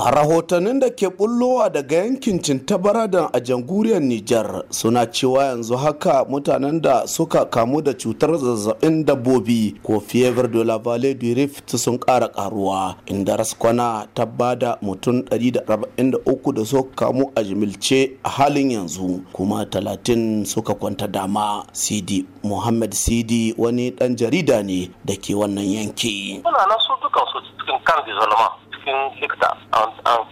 a rahotannin da ke bullowa daga yankin cintabaradan a janguriyar Nijar suna cewa yanzu haka mutanen da suka kamu da cutar zazzabin dabbobi ko fever de la vallée rift sun kara karuwa inda raskwana ta bada mutum 143 da suka kamu a jimilce a halin yanzu kuma 30 suka kwanta dama sidi muhammad sidi wani dan jarida ne da ke wannan yanki. in Hicktas and, and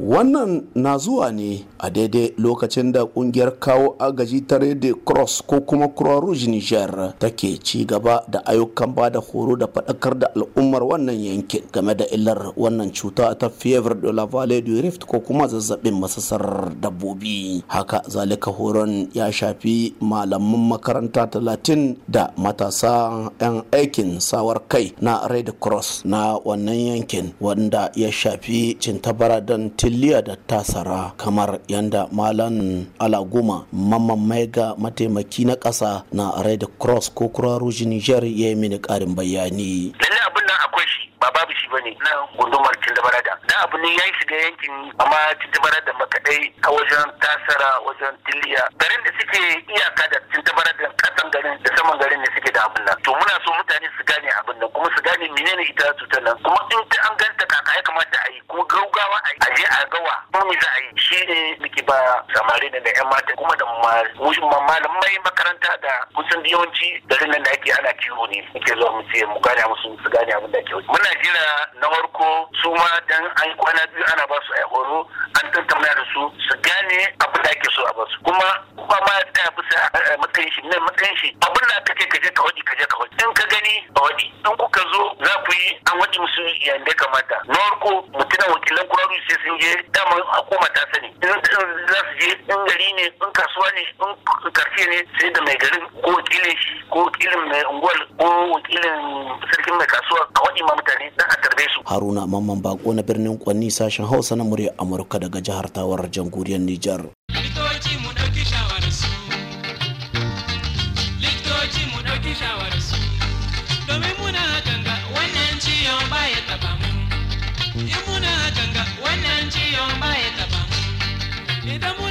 wannan na zuwa ne a daidai lokacin da kungiyar kawo agaji ta rede Cross ko kuma Croix Rouge Niger take ci gaba da ayyukan ba da horo da faɗakar da al'ummar wannan yankin game da illar wannan cuta ta fever de la vallée du rift ko kuma zazzabin masasar dabbobi haka zalika horon ya shafi malaman makaranta talatin da matasa 'yan aikin sawar kai na Red cross na wannan yankin wanda ya shafi cintabara don tiliya da tasara kamar yanda malam alaguma mamman maiga mataimaki na ƙasa na red cross ko kura niger ya yi mini ƙarin bayani akwai shi ba babu shi bane na gundumar tindabarada da abu ne yayi shiga yankin amma tindabarada makadai a wajen tasara wajen tiliya garin da suke iyaka da tindabarada kasan garin da saman garin ne suke da abun nan to muna so mutane su ce menene ita cutar nan kuma in ta an ganta kaka ya kamata a yi kuma gaugawa a yi a je a gawa ko me za a yi shi ne muke ba samari da yan mata kuma da mai makaranta da kusan yawanci garin nan da ake ana kiwo ne muke zuwa mu ce mu gane musu su gane abin da ke wuce muna jira na farko su ma dan an kwana biyu ana ba su a horo an tantamna da su su gane abin da ake so a basu kuma kuma ma ta fi sa matsayin shi ne matsayin shi abin da ka kaje ka je ka waje ka je ka waje in bawadi in ka zo za ku yi an waɗi musu yadda kamata na farko mutumin wakilan kuraru sai sun je dama a koma ta sani in za su je in gari ne in kasuwa ne in karfe ne sai da mai garin ko wakilin shi ko wakilin mai unguwar ko wakilin sarkin mai kasuwa a waɗi ma mutane don a tarbe su. haruna mamman bako na birnin kwanni sashen hausa na murya amurka daga jihar tawar jamhuriyar nijar. likitoci mu ɗauki shawararsu likitoci mu ɗauki shawararsu I'm Estamos...